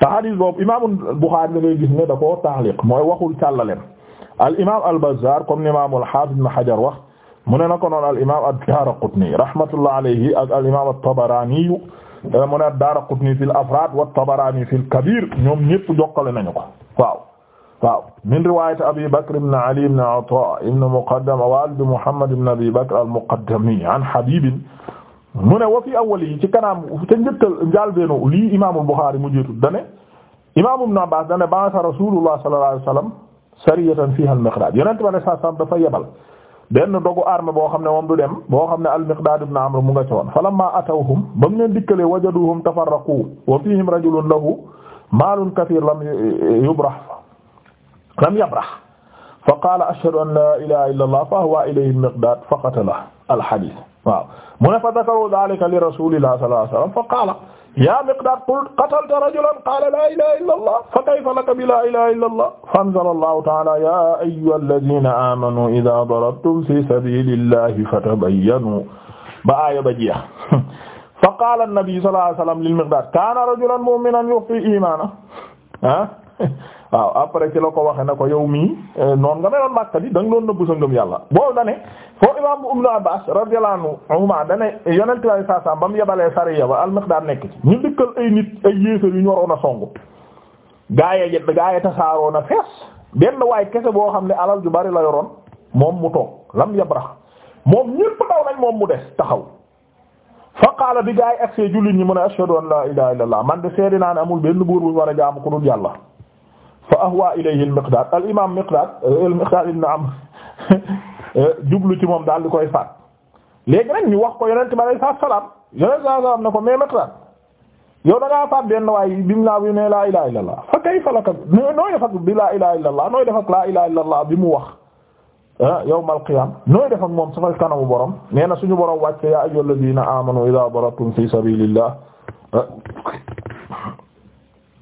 te hadis boobu imaamul Buxaari da ngay gis ne da koo taaliq mooy waxul càllalem al imaam al Bazzaar comme ni imaamul Haafiz Ibn Hajar wax mu ne na ko noonu al imaam ad-Daaraqutni rahmatullah alayhi ak al imaam at-Tabaraani mu ne ad-Daaraqutni fil afraad wa at-Tabaraani fil kabiir ñoom ñëpp jokkale nañu ko waaw. waaw min riwaayati Abi Bakr ibn Ali ibn Ataa ibn Muqaddam waalid Muhammad ibn Abi Bakr al-Muqaddami an Habiib mu ne wa fi awwali ci kanam ca njëkkal njaalbeenu lii imaamul Buxaari mu jiitu dane imaam Ibn Abbaas dane ba'atha Rasuulullaah sallallaahu alayhi wa sallam sariyatan fiihaa al-Miqdaad yonent ba ne saa saam dafa yebal benn dogu armée boo xam ne moom du dem boo xam ne al-Miqdaad ibn Amr mu nga ci woon falammaa atawhum ba mu leen dikkalee wajaduhum tafarraqu wa fiihim rajulun lahu maalun kasiir lam yubrah lam yabrah fa qaala ashhadu an laa ilaaha illallaah fa ahwaa ilayhi al-Miqdaad fa qatalahu al-hadiis waaw mu ne fa dakaru dhalika li rasulillah sallallahu alayhi wasallam fa qaala ya miqdaad qul qatalta rajulan qaala la ilaha illa allah fa kayfa laka bi la ilaha illa allah fa anzala allahu ta'ala ya ayyuhalladhina amanu idha darabtum fi sabilillahi fatabayyanu ba aaya ba jeex fa qaala an-nabi sallallahu alayhi wasallam lil miqdaad kana rajulan mu'minan yukhfi imanahu waaw après ci la ko waxe na ko yow mii euh, noon nga meloon Makka di da nga doon nëbb sa ngëm yàlla boo dane foo imam Ibn Abbas radiyallahu anhuma dane yonent bi saa saa ba mu yebalee sariya ba al-Miqdaad nekk ci ñu dëkkal ay nit ay yéefar yu ñu waroon a songu gaaya yedd gaaya tasaaroo na fees benn waay kese boo xam ne alal ju bari la yoroon moom mu toog lam yabrax moom ñépp daw nañ moom mu des taxaw fa qaala bi gaay yi agsee jullit ñi mu ne ashhadu la ilaha illallah man de seede naa ne yàlla fa ahwa ilayhi al-Miqdaad al-imaam Miqdaad al-Miqdaad ibn Amr jublu ci moom daal di koy faat léegi nag ñu wax ko yonent bi alayhi salaam yonent salaam ne ko mais Miqdaad yow da ngaa faat benn waay bim laa bi ne laa ilaaha illallaah fa kayfa laka nooy def ak bi laa ilaaha illallaah nooy def ak laa ilaaha illallaah bi mu wax ah yawmal qiyaama nooy def ak moom sama kanamu borom nee na suñu borom wàcce yaa ayyuhallaziina aamanuu izaa darabtum fii sabiilillaah ah,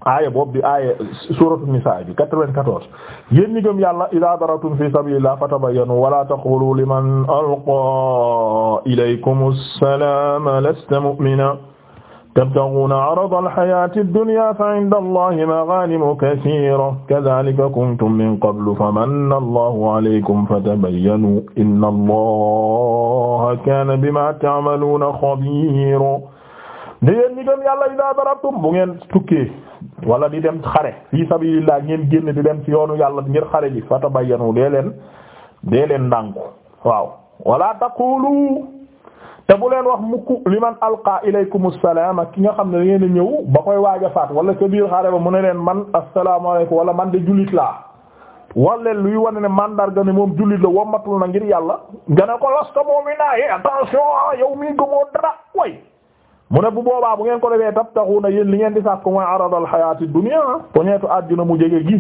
aaya boobu di aaya suratu nisaa bi 94 yéen ñi gëm yàlla idaa daratum fi sabilillah fatabayyanu wala taqulu liman alqa ilaykum assalaama lasta mu'mina tabtaghuna 'arada al-hayati ad-dunya fa 'inda allahi maghanimu kathira kadhalika kuntum min qablu famanna allahu 'alaykum fatabayyanu inna allaha kana bima ta'maluna khabira ne yéen ñi gëm yàlla idaa darabtum bu ngeen tukkee wala di dem xare fii sabilillah ngeen génn di dem ci yoonu yàlla ngir xare ji fatabayyanu dee leen dee leen ndànku waaw wala taqulu te bu leen wax mukk liman alqa ilaykumus salaam ki nga xam ne ngeen a ñëw ba koy waaja a faat wala ca xare ba mu ne leen man assalaamu alaykum wala man de jullit laa wala luy wane ne mandarga ne moom jullit la wommatul na ngir yàlla nga lasta mu'mina attention mu ne bu boobaa bu ngeen ko defee tabtaxuuna yéen li ngeen di sàkk mooy aradal xayaati dunya poñeetu àddina mu jege gi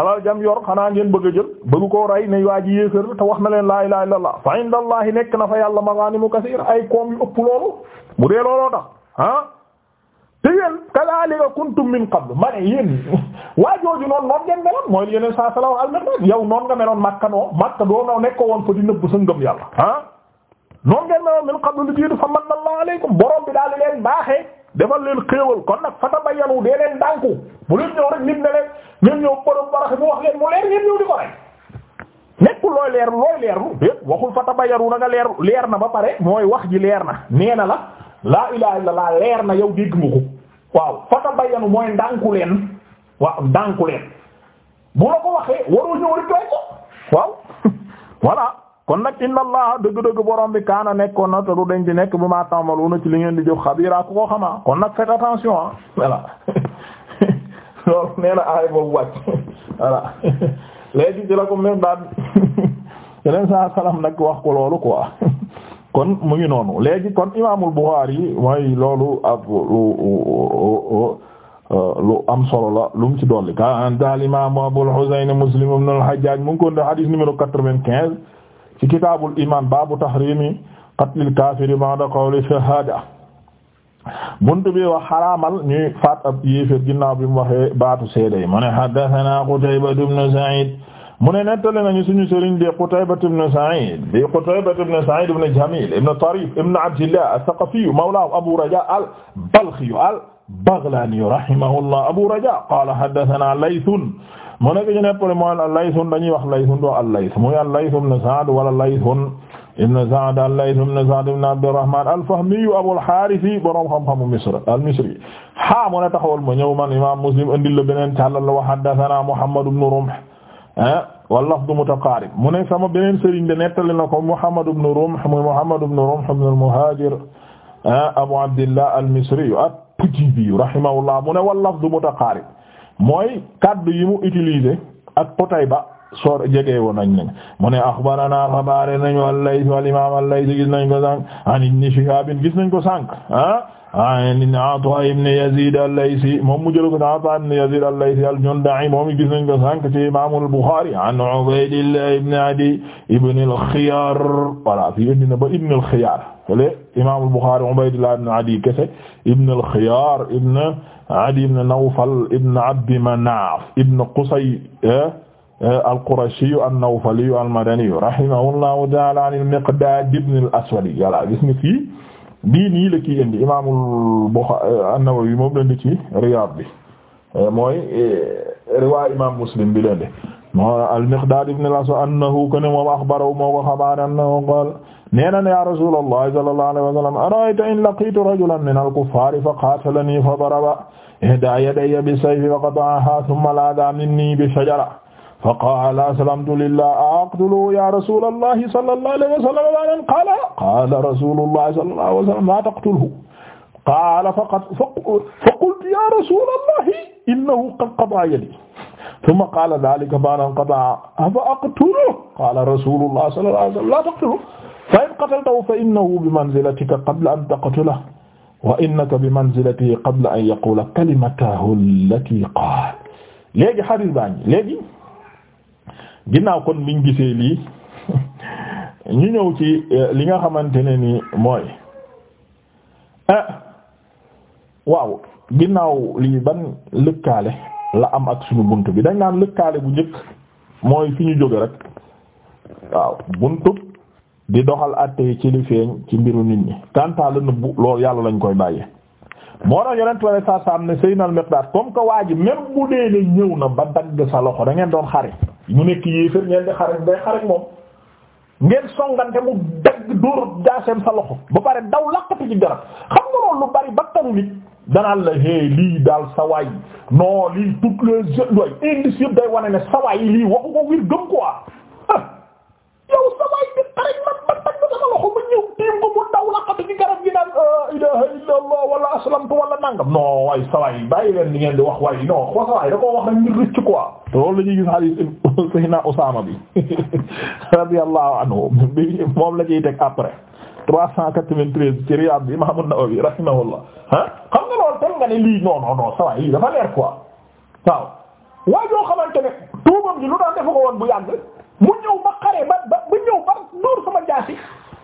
alal jam yor xanaa ngeen bëgg a jël bëgg koo rey ne waa ji yéefér te wax na leen laa ilaha illallah fa indallahi nekk na fa yàlla maganimu kasiir ay koom yu ëpp loolu bu dee looloo tax ah te yéen kadhalika kuntum min qabl ma ne yéen waa jooju noonu noon ngeen meloon mooy yeneen saa sala al almérad yow noon nga meloon makka noo makka doo noo woon fa di nëbb yàlla ah. noon ngeen meloon min qablu lu jiitu fa manna Allahu alaykum borom bi daal di leen defal leen xéewal kon nag fatabayyanu dee leen dànku bu leen ñëw rek nit ne leen ngeen ñëw borom barax mu wax leen mu leer ngeen ñëw di looy leer looy leerlu waxul fatabayyanu na nga leer leer na ba pare mooy wax ji leer na nee na la laa ilaaha illallaah leer na yow dégg nga ko waaw fatabayyanu mooy ndànku leen waaw ndànku leen bu la ko waxee waroo ñëw waaw voilà kon nag inna allah dëgg-dëgg borom bi kaana nekkoon na te du denc nekk bu maa tàmbaluuna ci li ngeen di jox xabiira ku ko xamaa kon nag faites attention ah voilà loolu nee na aay boobu wàcc voilà léegi ci la ko même daal yeneen saa salaam nag wax ko loolu quoi kon mu ngi noonu léegi kon imaamul Buxaari mooy loolu ab lu euh, am solo la lu mu ci dolli ka an daal imaamu Abul Husayn Muslim ibn al-Hajjaj mu ngi ko hadiis numéro quatre vingt ci kitaabul iman baabu tahrimi qatlil kaafiri ba'da qawli shahaada buntu bi wax xaraamal ñuy faat ab yéeféer ginnaaw bi mu waxee baatu seede mu ne haddathana Qutayba ibn Sa'id mu ne nettali nañu suñu sëriñ di Qutayba ibn Sa'id di Qutayba ibn Sa'id ibn Jamil ibn Tarif ibn Abdillah ath-Thaqafi mawla Abu Raja al-Balkhi al-Baghlani rahimahullah Abu Raja qala haddathana Laythun mu nekk ñu neppale mooy al-Laythun dañuy wax Laythun doo al-Layth muy al-Layth ibn Sa'd wala Laythun ibn Sa'd al-Layth ibn Sa'd ibn Abdurrahman al-Fahmi Abul Harith borom xam-xamu Misr al-Misri ha mu ne taxawal ma ñëw man Imam Muslim andil la beneen càllal la wa haddathana Muhammad ibn Rumh ah wal lafdu mutaqarib mu ne sama beneen sëriñ de nettali na ko Muhammad ibn Rumh muy Muhammad ibn Rumh ibn al-Muhajir ah, Abu Abdillah al-Misri at-Tujibi rahimahullah mu ne wal lafdu mutaqarib mooy kaddu yi mu utilisé ak Qutayba soor jege woon nañ ne mu ne axbarana xabaare nañu al-Layth wal imaam al-Layth gis nañ ko sànq an Ibn Shihaab gis nañ ko sànq ah an Ataa ibn Yaziid al-Laythi moom mu jël ko Ataa ibn Yaziid al-Laythi al-Junda'i moom gis nañ ko sànq ci imaam al-Bukhaari an Ubaydillah ibn Adiy ibn al-Khiyaar voilà fi indi na ba ibn al-Khiyaar imaam al-Bukhari Ubaydullah ibn Adi kese ibn al-Khiyar ibn Adi ibn Nawfal ibn Abdi Manaf ibn Qusay eh, eh, al-Qurashi an-Nawfali al-Madani rahimahullahu ta'ala an al-Miqdad ibn al-Aswad voilà gis nga fii bii nii la kii indi imaam al-Bukhari eh, an-Nawawi moom la indi ci Riyad bi mooy riwaay imaam Muslim bi la indi al-Miqdad ibn al-Aswad annahu kana wa akhbarahu moo ko xabaar annahu qala nee na ne ya rasulallah sallallahu alayhi wa sallam ara'ayta in laqitu rajulan min al-kuffari fa qatalani fa daraba ihda yadayya bi sayfi wa qata'aha thumma laada minni bi shajara fa qaala aslamtu lillah a aqtulu ya rasulallah sallallahu alayhi wa sallam qaala qaala rasulullah sallallahu alayhi wa sallam la taqtulhu qaala fa qultu ya rasulallah innahu qad qata'a yadi tumma qaala dhaalika ba'da an qata'a fa aqtuluhu qaala rasulullah sallallahu alayhi wa sallam la taqtuluhu fa in qataltahu fa innahu bi manzilatika qabla an taqtulahu wa innaka bi manzilatihi qabla an yaqula kalimatahu allati qaal léegi xadis baa ngi léegi ginnaaw kon liñ gisee lii ñu ñëw ci eh, li nga xamante ne ni mooy ah waaw ginnaaw lii ban lëkkaale la am ak suñu bunt bi dañ naan lëkkaale bu njëkk mooy fi ñu jóge rek waaw buntu di doxal àtte yi ci li feeñ ci mbiru nit ñi kanta la nëbbu loolu yàlla lañ koy bàyyee moo tax yonent ware sa sam ne sëy nal Miqdaad comme que waa ji même bu ñëw na ba dagg sa loxo da ngeen doon xare mu nekk yéefér ngeen di xare day xare moom ngeen songante mu dagg dóor jaaseen sa loxo ba pare daw laqatu ci garab xam nga loolu lu bari bakkanu nit danaan la hey lii daal sawaay non lii toutes les doy indice yëpp day wane ne sawaay yi yow sa bi xareñ man man man ba sama loxo ma ñëw tiim ko mu daw laqatu ci garab gi naan ilaha illa allah wala aslamtu wala nangam non waay sa bàyyi leen li ngeen di wax waay non wax sa waay da koo wax nañ ñu rëcc quoi te loolu la ñuy gis hadith sayna Usaama bi radiyallahu anhu moom la ñuy teg après 393 ci Riyad bi Imam An-Nawawi rahimahullah ah xam nga loolu nga ne lii non lii dafa leer quoi waaw waaye yoo xamante ko woon bu ñëw par dóor sama jaasi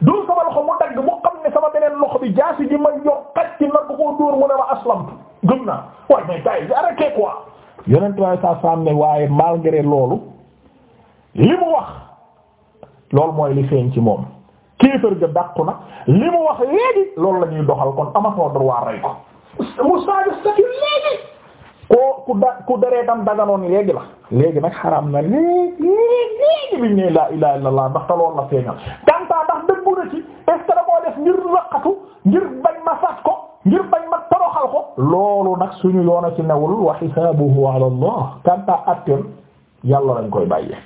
dóor sama loxo mu dagg mu xam ne sama beneen loxo bi jaasi ji ma yor xaj ci nag koo dóor mu ne ma aslam gëm naa waaye mais loolu li mu wax loolu mooy li feeñ ci moom kéefër ga dàqu na li mu wax léegi loolu la ñuy doxal kon amatoo droit rey ko. mu saaju statut léegi. koo ku da ku deretam daganoon léegi la. léegi nag xaraam na léegi. ci biñ ne laa ilaaha la feeñal kantaa ndax dëggu na ci est ce que da koo def ngir laqatu ngir ko ngir bañ ma toroxal ko loolu nag suñu yoona ci newul wa xisaabuhu ala allah kantaa atteen yàlla lañ koy bàyyee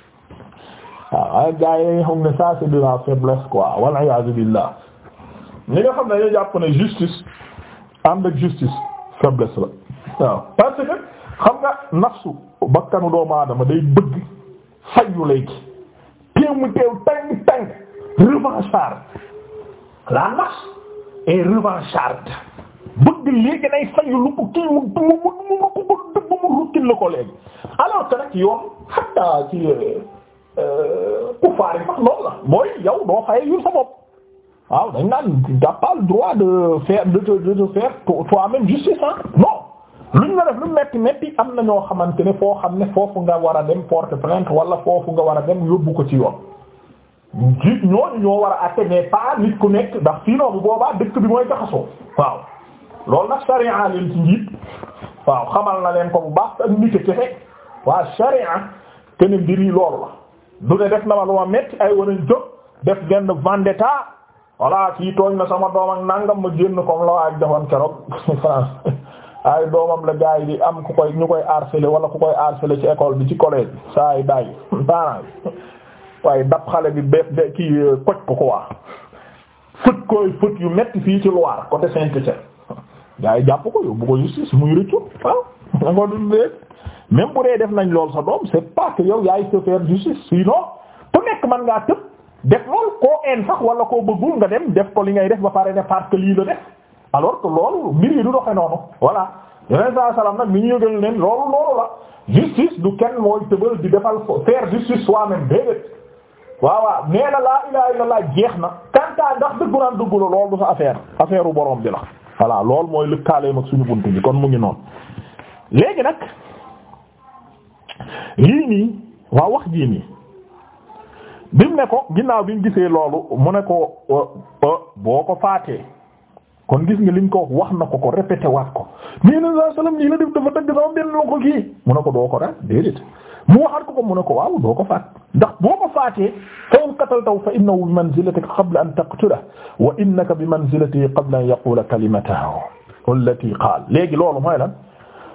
ay gars yi dañuy xam ne ça c'est de la faiblesse quoi wal iyaazu billaah ñi justice ànd ak justice faiblesse la bakkanu doomu aadama day bëgg fayu léegi teew mu teew tàng tàng revanchard la nafs est revancharde bëgg léegi nay fayu lu ko kii mu mu mu mu ko dëbb mu rukkil la ko léegi alors que nag yoon xatta ci euh, euh, kufaar yi sax loolu la mooy yow doo fayee yul sa bopp waaw dañ naan t'as pas le droit de faire de te de te faire toi-même justice ah non luñ la def lu metti metti am na ñoo xamante ne foo xam ne foofu nga war a dem porte plainte wala foofu nga war a dem yóbbu ko ci yoon nit ñooñu ñoo war a àtte mais pas nit ku nekk ndax sinon bu boobaa dëkk bi mooy jaxasoo waaw loolu nag sharia leen ci njiit waaw xamal na leen ko bu baax ak nit ci rek waa sharia te ne yi loolu la du ne def na ma lu ma metti ay war a jóg def genn vendetta voilà kii tooñ na sama doom ak nangam ma génn comme la waa joxoon keroog ay doomam la gars yi di am ku koy ñu koy harceler wala ku koy harceler ci école bi ci collège bi saa yi daay parents waaye dab xale bi bépp de kii koj ko ko waa fët koy fët yu metti fii ci Loire côté Saint-Étienne gars yi jàpp ko yóbbu ko justice muy rëccu waaw da nga dund même bu dee def nañ lool sa doom c'est pas que yow yaay se faire justice sinon ku nekk mën ngaa tëb def lool koo een sax wala koo bëggul nga dem def ko li ngay def ba pare ne parce que lii la alors que loolu mbir yi du doxe noonu voilà yeneen saa salaam nag mi ñu yëgal leen loolu loolu la justice du kenn mooy tëbal di defal faire justice soi-même déedéet waaw waaw nee na laa ilaha illallah jeex na kantaa ndax dëggu naan dëggu la loolu du sa affaire affaire u borom bi la voilà loolu mooy lëkkaaleem ak suñu bunt bi kon mu ngi noonu léegi nag lii nii waa wax jii nii bi mu ne ko ginnaaw bi mu gisee loolu mu ne ko euh, euh, boo ko faatee kon gis nga liñ ko wax na ko ko répété waat ko nii na saa salaam nii la def dafa dëgg sama benn loo ko kii mu ne ko doo ko rat déedéet mu waxaat ko ko mu ne ko waaw doo ko faat ndax boo ko faatee fa in qataltahu fa innahu bi manzilatika qabla an taqtulahu wa innaka bi manzilatihi qabla an yaqula kalimatahu allati qaal léegi loolu mooy lan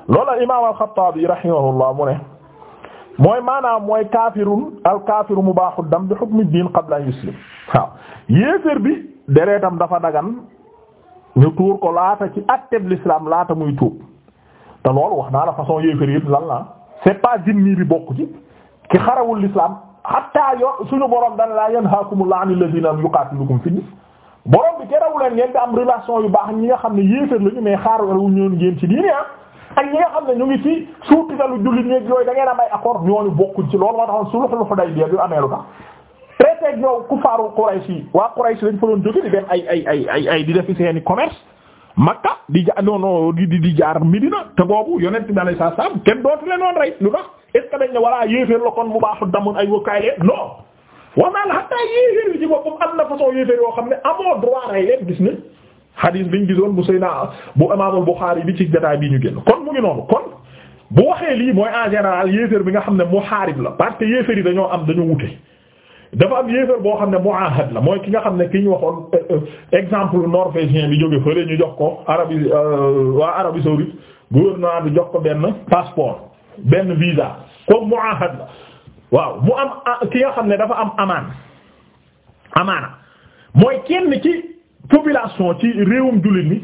loolu al imaam al-Xattaabi rahimahullah mu ne mooy maanaam mooy kaafirun al kaafiru mubaahu dam bi hukmi diin qabla an yuslim waaw yéeféer bi deretam dafa dagan ñu tuur ko laata ci atteb l'islam laata muy tuub te loolu wax naa la façon yéefér yëpp lan la c'est pas zimmi bi bokk ci ki xarawul l'islam hatta yo suñu borom dana laa yanhaakumullahu anil ladina yuqatilukum fi borom bi terawu leen ngeen di am relation yu baax ñi nga xam ne yéeféer lañu mais xaarawul ñoon ngeen ci diine ah ak ñi nga xam ne ñu ngi ci suutitalu jullit ñeeg yooyu da ngeen am ay accord ñooñu bokkuñ ci loolu moo taxoon sulhul Hudaybiya bi amee lu traité ak yow kuffaaru Quraysh yi waa Quraysh lañ fa doon jóge di dem ay ay ay ay ay di defi seeni commerce Makka di ja non non di di jaar te boobu yonent bi alayhi salaam kenn dootu leen woon rey lu tax est ce que dañ ne walla yéeféer la kon mu baaxu damun ay wëkkaay leen non wax naa la yoo xam ne amoo droit rey leen gis nañ xadiis biñ gisoon bu Seydina bu Imaamul bi bii ñu génn kon mu ngi noonu kon bu waxee lii mooy en général yéeféer bi nga xam ne muhaarib la parce que yéeféer yi dañoo am dañoo wute dafa am yéefar boo xam ne muahad la mooy ki nga xam ne ki ñu waxoon euh, euh, exemple norvégien bi jóge fële ñu jox ko Arabie euh, waa Arabie saoudite gouvernement bi jox ko benn passeport benn visa comme muahad la waaw mu am ki nga xam ne dafa am amaan amaana mooy kenn ci population ci réewum jullit mi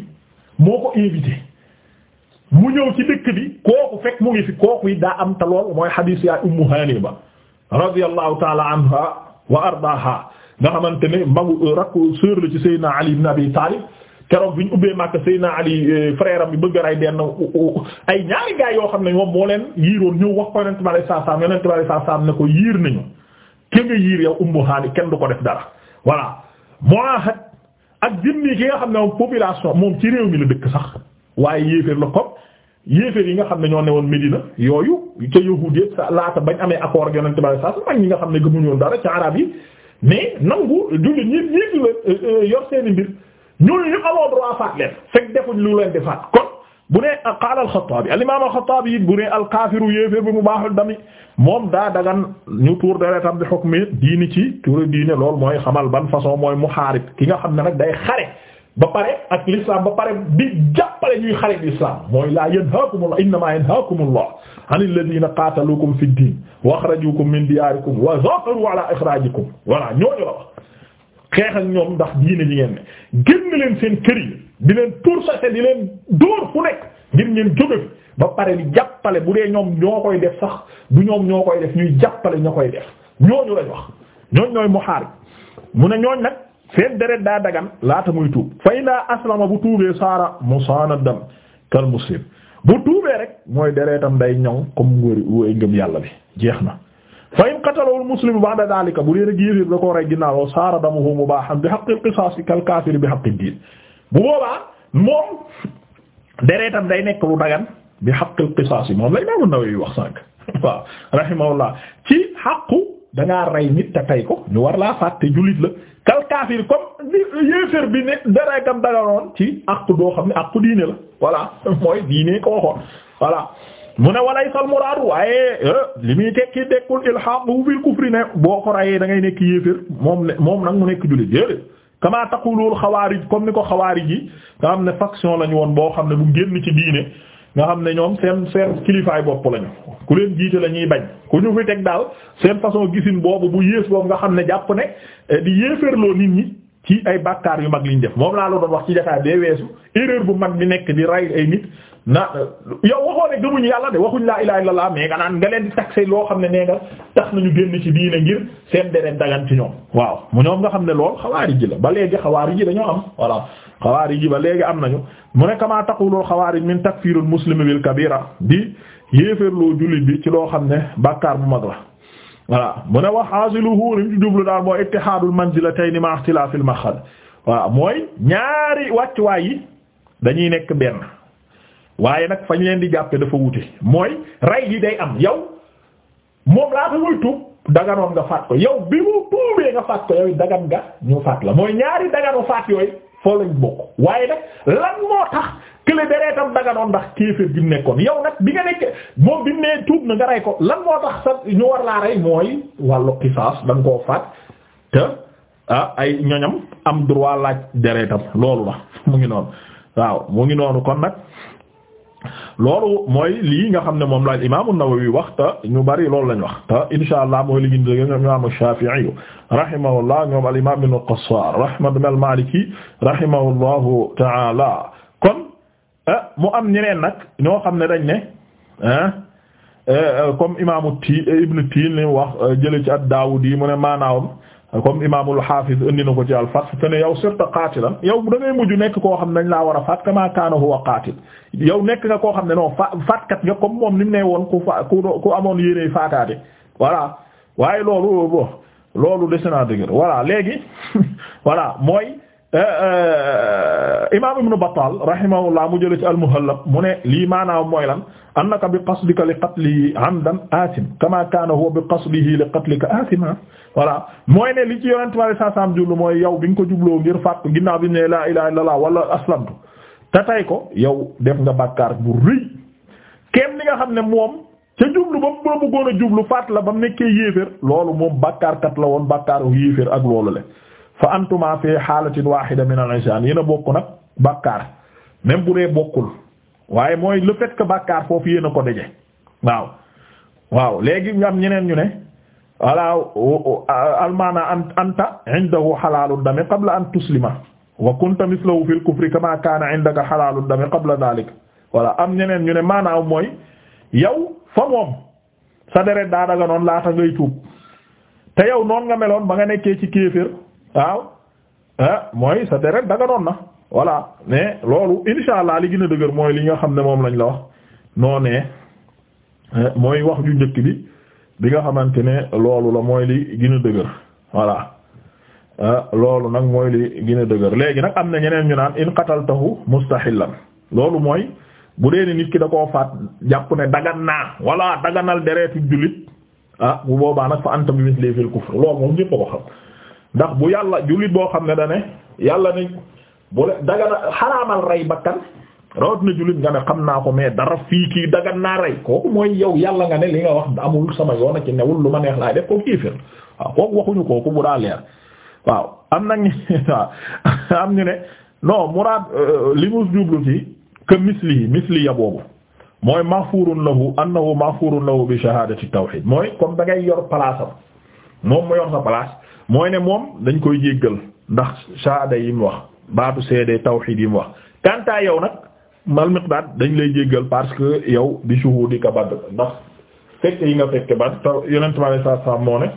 moo ko invité mu ñëw ci dëkk bi kooku fekk mu ngi fi kooku yi daa am te lool mooy hadith ya Ummu Haniba radiyallahu ta'ala anha wa ardaaha nga xamante ne magu euh, rakku sœur la ci Seydina Ali ibn Abi Talib keroog bi ñu ubbee Makka Seydina Ali euh, frère am bi bëgg ray benn ay ñaari gaay yoo xam ne moom moo leen yiiroon ñëw wax ko Yonent bi sallallahu alayhi wa sallam Yonent bi ne ko yiir nañu ke nga yiir yow Ummu Haani kenn du ko def dara voilà muahad ak jëmmi ki nga xam ne moom population moom ci réew mi la dëkk sax waaye yéeféer la ko yéeféer yi nga xam ne ñoo ne newoon Médina yooyu ca yahuud sa laata bañ amee accord ak yonent bi saa ak ñi nga xam ne gëmuñu woon dara ca arab yi mais nangu jullit ñi ñi euh, yor seeni mbir ñooñu ñu amoo droit faat leen fekk defuñ lu leen di faat kon bu nee qaala al-Xattaabi al-imaam al-Xattaabi bu nee al-kaafiru yéeféer bi mu baaxul dami moom daa dagan ñu tuur deretam bi xukmi diini ci tuur diine lool mooy xamal ban façon mooy muhaarib ki nga xam ne nag day xare ba pare ak l'islam ba pare di jàppale ñuy xarit l'islam mooy laa yanhaakumullah innamaa yanhaakumullah anil ladina qaataluukum fi diin wa axrajuukum min diyaarikum wa zaaharu ala ixraajikum voilà ñooñu la wax xeex ak ñoom ndax diine ji ngeen ne génn leen seen kër yi di leen pourchasser di leen dóor fu nekk ngir ngeen jóge fi ba pare di jàppale bu dee ñoom ñoo koy def sax du ñoom ñoo koy def ñuy jàppale ña koy def ñooñu lañ wax ñooñ ñooy muhaarib mu ne ñooñ nag seen deret daa dagan laata muy tuub fa ida aslama bu tuubee saara musaana dam kal muslim bu tuubee rek mooy deretam day ñoŋ comme ngóori wooy ngëm yàlla bi jeex na fa in qatalawul muslim ba'da daalika bu deen giifir da ko rey ginnaaw saara damuhu mubaahan bi haqqil qisaas kal kaafiri bi haqqid diin bu boobaa moom deretam day nekk lu dagan bi haqqil qisaas moom la Imaam An-Nawawi wax sànq waaw rahimahullah ci xaqu dangaa rey nit te tey ko ñu la kal kaafir comme yéeféer bi ne deretam daganoon ci àqu doo xam ne àqu diine la voilà mooy diine ko waxoon voilà mu ne walay sal muraadu waaye euh, li muy tekki dekkul ilhaaqu bil kufri ne boo ko rayee da ngay nekk yéeféer moom ne moom nag mu nekk jullit déedéet kama taqulul xawaarij comme ni ko xawaarij yi nga am ne faction lañu woon boo xam ne bu génn ci diine nga xam ne ñoom seen seen kilifaay bopp lañu ku leen jiite la ñuy bañ ku ñu fi teg daal seen façon gisin boobu bu yées boobu nga xam ne jàpp ne eh, di yéeféerloo nit ñi ci ay bàkkaar yu mag ñu def moom laa la wax ci jaxaar bee weesu erreur bu mag bi nekk di ray ay nit na yow waxoo ne gëmuñu yàlla de waxuñ laa la illallaah mais nga naan nga leen di loo xam ne nee nga tax nañu génn ci diine ngir seen deret dagan ci ñoom waaw mu ñoom nga xam ne lool xawaari ji ba léegi xawaari ji dañoo am voilà xawaarij yi ba léegi am nañu mu ne kamaa taqulul xawaarij min takfiirul muslimi bil kabira di yéeféerloo jullit bi ci loo xam ne bàkkaar bu mag la voilà mu ne wax asiluhu liñ ci jublu daal mooy ittihaadul manzilatayni ma ixtilaafil maxad waa mooy ñaari wàccuwaay yi dañuy nekk benn waaye nag fañ leen di jàppe dafa wute mooy rey gi day am yow moom laata muy tuub daganoon nga faat ko yow bi mu tuubee nga faat ko yow dagan nga ñu faat la mooy ñaari yooyu foo lañ bokk waaye nag lan moo tax kële dereetam daganoon ndax kéefër bi nekkoon yow nag bi nga nekk moom bi tuub na nga rey ko lan moo tax sa ñu war laa rey mooy wàllu xisaas da nga koo faat te ah, ay ñoñam am droit laaj dereetam loolu la mu ngi noonu waaw mu ngi noonu kon nag loolu mooy lii nga xam ne moom la Imaam An-Nawawi wax te ñu bari loolu lañ wax te insha Allah mooy li ñu dégg ñoom Imaam Shafi'i rahimahullah ñoom al-Imaam Ibn Qassar rahmatullahi al-Maliki ta'ala kon eh, mu am ñeneen nag ñoo xam ne dañ ne eh, eh, comme Imaam Ibn Tin li wax jële ci ad-Dawudi mu ne maanaawam comme imaamul hafiz indi na ko ci al-Fath te ne yow sirta qaatilan yow da ngay mujj nekk koo xam ne laa war a faat kama kaana huwa qaatil yow nekk nga koo xam ne non fa faatkat nga comme moom ni mu ne woon ku fa ku amoon yéeney faataate waaye loolu bon loolu des na dëgër voilà léegi voilà mooy Eh, eh, imam ibnu Battal rahimahullah mu jële ci al-Muhallab mu ne lii maanaam mooy lan annaka bi qasdika li qatlihi amdan asim kama kaana huwa bi qasdihi li qatlika asima ah? voilà mooy ne li ci yonent bi saa saam jublu mooy yow bi nga ko jubloo ngir fàtt ginnaaw bi ne laa ilaha illallah wala aslamtu te tay ko yow def nga bàkkaar bu rëy kenn li nga xam ne moom ca jublu ba mu bëggoon a jublu fàtt la ba mu nekkee yéeféer loolu moom bàkkaarkat la woon bàkkaaru yéeféer fa antuma fi xaalatin wahida min al-isyan yéen a bokk nag bàkkaar même bu dee bokkul waaye mooy le fait que bàkkaar foofu yéen a ko daje waaw waaw léegi nga am ñeneen ñu ne voilà almaana an anta indahu xalaalu dami qabla an tuslima wa kunta mislahu fil kufri kama kaana indaka xalaalu dami qabla dalik voilà am ñeneen ñu ne maanaaw mooy yow fa moom sa deret daa daga noon laata ngay tuub te yow noon nga meloon ba nga nekkee ci kéefër waaw ah mooy sa deret daganoon na voilà mais loolu insha allah li gën a dëgër mooy li nga xam ne moom lañ la wax noo ne eh, mooy wax ju njëkk bi bi nga xamante ne loolu la mooy li gën a dëgër voilà ah, loolu nag mooy li gën a dëgër léegi nag am na ñeneen ñu naan in qataltahu mustaxillan loolu mooy bu dee ni nit ki da koo faat jàpp ne dagan naa walla daganal deretu jullit ah bu boobaa nag fa anta bi misli fil kufr loolu moom ñépp ko xam ndax bu yàlla jullit boo xam ne da ne yàlla ne bu le dagana xaraamal rey bakkan rawat na jullit nga ne xam naa ko mais dara fii kii dagan naa rey kooku mooy yow yàlla nga ne li nga wax amul sama yoon a ci newul lu ma neex laay def kooku kéefër waaw kooku waxuñu kooku bu daa leer waaw am na ñu waaw am ñu ne non muraad euh, euh, li mu jublu ci que misli misli ya boobu mooy maghfurun lahu annahu maghfurun lahu bi shahadati tawhid mooy comme da ngay yor place am moom mooy ne moom dañ koy jéggal ndax shahada yi mu wax baatu seede tawxiid yi mu wax kantaa yow nag mal miqdaad dañ la jéggal parce que yow bi shuhuudika Badr ndax fekk yi nga fekke Badr yonent bi moo ne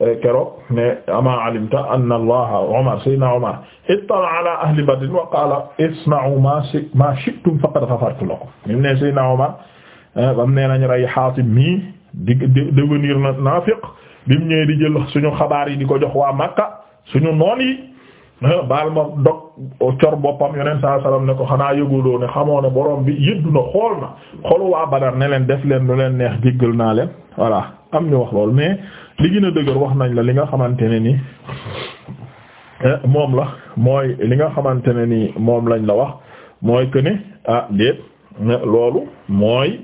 eh, keroog ne ama alimta anna allaha Umar sayyidina Umar ittala ala ahli Badr ma ma shi'tum faqad ghafartu lakum mim ne sayyidina Umar eh, bam nee nañ rey Haatib mi di devenir bi mu ñëwee di jël suñu xabaar yi di ko jox waa Makka suñu noon yi ah, baal ma dog cor boppam yoneen saa salaam ne ko xanaa yëguloo ne xamoo ne boroom bi yëddu na xool na xolu waa Badar ne leen def leen lu leen neex jéggal naa leen voilà am ñu wax lool mais li gën a dëgër wax nañ la li nga xamante ne ni eh, moom la mooy li nga xamante ne ni moom lañ la wax mooy que ne ah déet loolu mooy.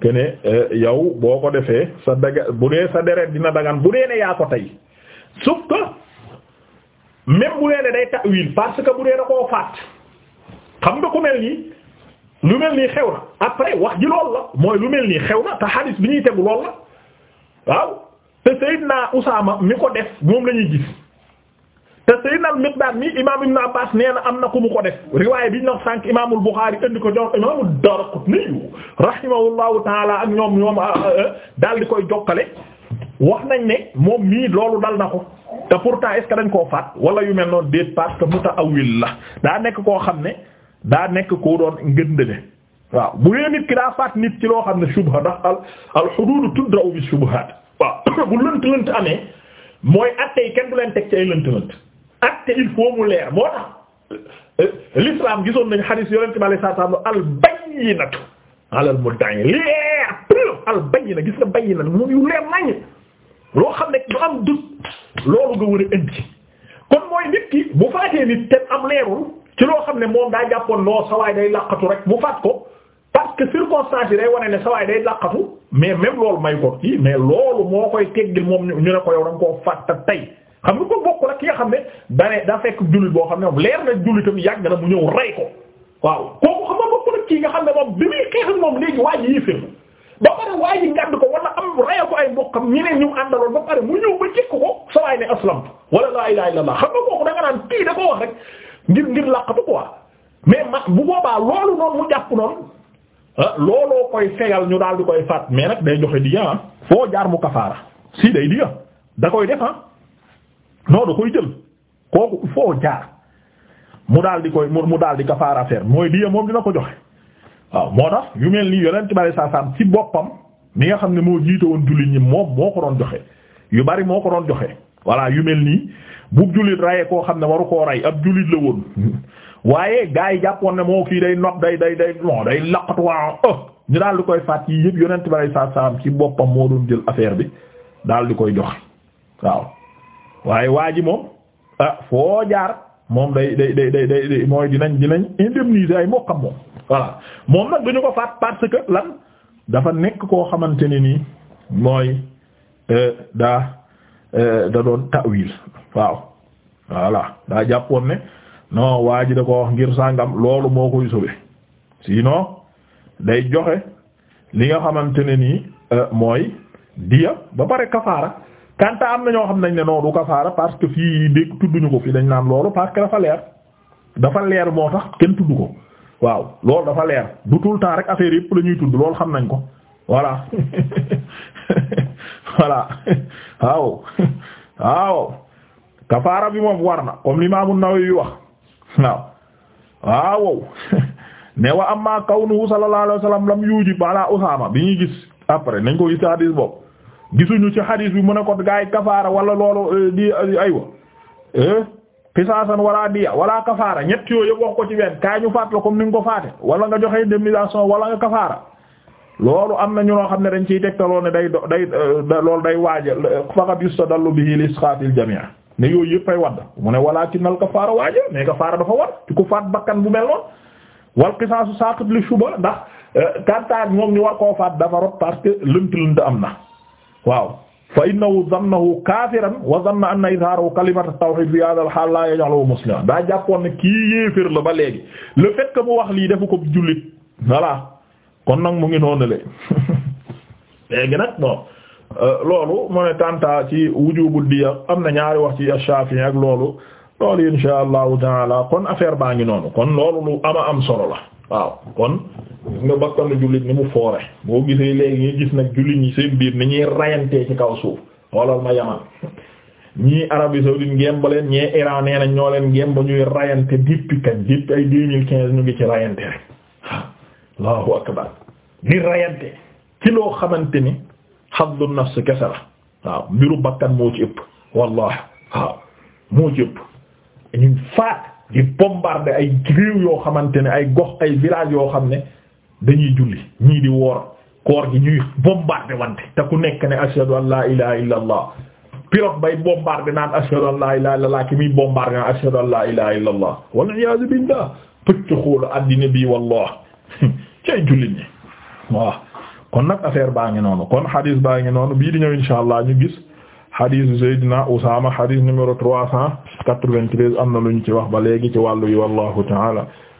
que ne euh, yow boo ko defee sa daga bu dee sa deret dina dagan bu dee ne yaa ko tey sauf que même bu dee ne day ta'wil parce que bu dee da koo faat xam nga ko mel nii lu mel nii xew na après wax ji lool la mooy lu mel nii xew na te xadis bi ñuy tegu lool la waaw te Seydina Usaama mi ko def moom la ñuy gis. te Seydina Miqdaad mi imaam Ibn Abbaas nee na am na ku mu ko def riwaay bi ñu wax sànq imaamul Buxaari indi ko jox imaamu Daaraqutni rahimahullahu taala ak ñoom ñoom ah, ah, ah, daal di koy jokkale wax nañ ne moom mii loolu dal na ko te pourtant est ce que dañ koo faat wala yu mel noonu déet parce que mutaawil la daa nekk koo xam ne daa nekk koo doon ngëndale waaw bu dee nit ki daa faat nit ci loo xam ne subha ndax al al xuduudu tudra'u bi subhaat waaw bu amee mooy àtte yi kenn du lënt ak te il faut mu leer moo tax euh, l'islam gisoon nañu xadiis yonent bi alayhi salaatu wa salaam al bayyinatu alal mudda'i leer pure al bayyina gis nga bayyina moom leer nañ loo xam ne du am dut loolu nga war a indi kon mooy nit ki bu faatee nit te am leerul ci loo xam ne moom daa jàppoon loo sawaay day laqatu rek mu faat ko parce que circonstance yi day wane ne sawaay day laqatu mais même loolu may ko kii mais loolu moo koy teggil moom ñu ne ko yow da nga koo faat tey. xam nga ko bokk la ki nga xam ne dane da fekk jullit boo xam ne moom leer na jullitam yàgg na mu ñëw rey ko waaw kooku xam kii nga xam ne moom bi muy xeex moom léegi waa ji yéeféer ba pare waa ji ngàdd ko wala am rey ko ay mbokkam ñeneen ñu àndaloon ba pare mu ñëw ba jëkk ko sawaay ne aslam wala laa ilaha illallah xam nga kooku da nga naan kii da ko wax rek ngir ngir làqatu quoi mais ma bu boobaa loolu noonu mu jàpp noonu ah looloo koy fegal ñu daal di koy faat mais nag day joxe diya ah foo jaar mu kafaara si day diya non koy jël kooku foo jaar mu daal di koy mu daal di kafaara affaire mooy diya moom dina ko joxe waaw moo tax yu mel nii yonent bi saa saam ci boppam mi nga xam ne moo woon jullit ñi moom moo ko doon joxe yu bari moo ko doon joxe voilà yu mel nii bu jullit rayee koo xam ne waru koo ray ab jullit la woon gaa yi jàppoon ne moo kii day nopp day day day day laqatuwaa ah ñu daal di koy faat yi yëpp yonent bi saa saam ci boppam moo doon jël affaire bi daal di koy joxe waaw. waaye waa ji moom a ah, foo jaar moom day day day day day mooy dinañ dinañ indemniser ay mbokkam moom voilà moom nag duñu ko faat parce que lan dafa nekk koo xamante ne nii mooy euh, daa euh, da doon tawil waaw voilà daa jàppoon ne non waa ji da ko wax ngir sàngam loolu moo koy sauver sinon day joxe li nga xamante ne nii euh, mooy diya ba pare kafaara kanta am na ñoo xam nañ ne non du kafaara parce que fii dégg tudduñu ko fii dañ naan loolu parce que dafa leer dafa leer moo tax kenn tudd ko waaw loolu dafa leer bu tout le temps rek affaire yëpp la ñuy tudd loolu xam nañ ko voilà voilà waaw waaw kafaara bi moom war na comme l'imam an-Nawawi wax waaw waaw ne wa amma kawnuhu sallallahu alayhi wasallam lam yujib ala Usaama bi ñuy gis après nañ ko gis ci hadis gisuñu ci xadiis bi mu ne ko gaay kafaara wala loolu euh, di euh, aywa xisaasan euh, wala diya wala kafaara ñett yooyu yëpp wax ko ci benn kaay ñu faat la comme ni nga ko faate wala nga joxe indemnisation wala nga loolu am na noo xam ne dañ ciy tegtaloo ne day day loolu day waaja faqat yustadallu bihi li isqaatil jamii ne yëpp ay wadd mu ne walaakinnal kafaara waaja mais kafaara dafa war bakkan bu mel noonu wal xisaasu saqit li shuba ndax kantaar moom ñu war koo faat dafa rot parce que lënt lënt am na waaw fa innahu zannahu kaafiran wa zanna anna izhaarahu kalimata tawhid fi hadha al haal la yaj'aluhu musliman daa jàppoon ne kii yéefér la ba léegi le fait que mu wax lii defu ko jullit voilà kon nag mu ngi noonu le léegi nag euh, loolu mu tanta ci wujubul diya am na ñaari wax ci Shafi'i ak loolu loolu insha allahu taala kon affaire baa ngi noonu kon loolu lu ama am solo la waaw gis nga bakkanu jullit ni mu foore boo gisee léegi nga gis nag jullit ñi seen biir ni ñuy rayantee ci kaw suuf xoolal ma yaman ñii Arabie saoudite ngémb leen ñee Iran nee ñoo leen ngémb ñuy rayante depuis kañ depuis ay deux mille quinze ñu ngi ci rayante rek Allahu akbar di rayante ci loo xamante ni haddu nafs kese la waaw mbiru bakkan moo ci ëpp wallahi waaw moo ci ëpp ñu faat di bombarder ay réew yoo xamante ne ay gox ay village yoo xam ne dañuy julli ñii di woor koor gi ñuy bombardé wante te ku nekk ne ashhadu an la ilaha illa allah pirote bay bombardé naan ashhadu an la ilaha illa allah ki muy bombardé naan ashhadu an la ilaha illa allah wal iyaadu billah pëcc xoolu addina bi wallah cay jullit ñi waaw kon nag affaire baa ngi noonu kon hadis baa ngi noonu bii di ñëw insha allah ñu gis hadis Seydina Usaama hadis numéro trois cent quatre-vingt-treize am na lu ñu ci wax ba léegi ci wàllu yi wallahu taala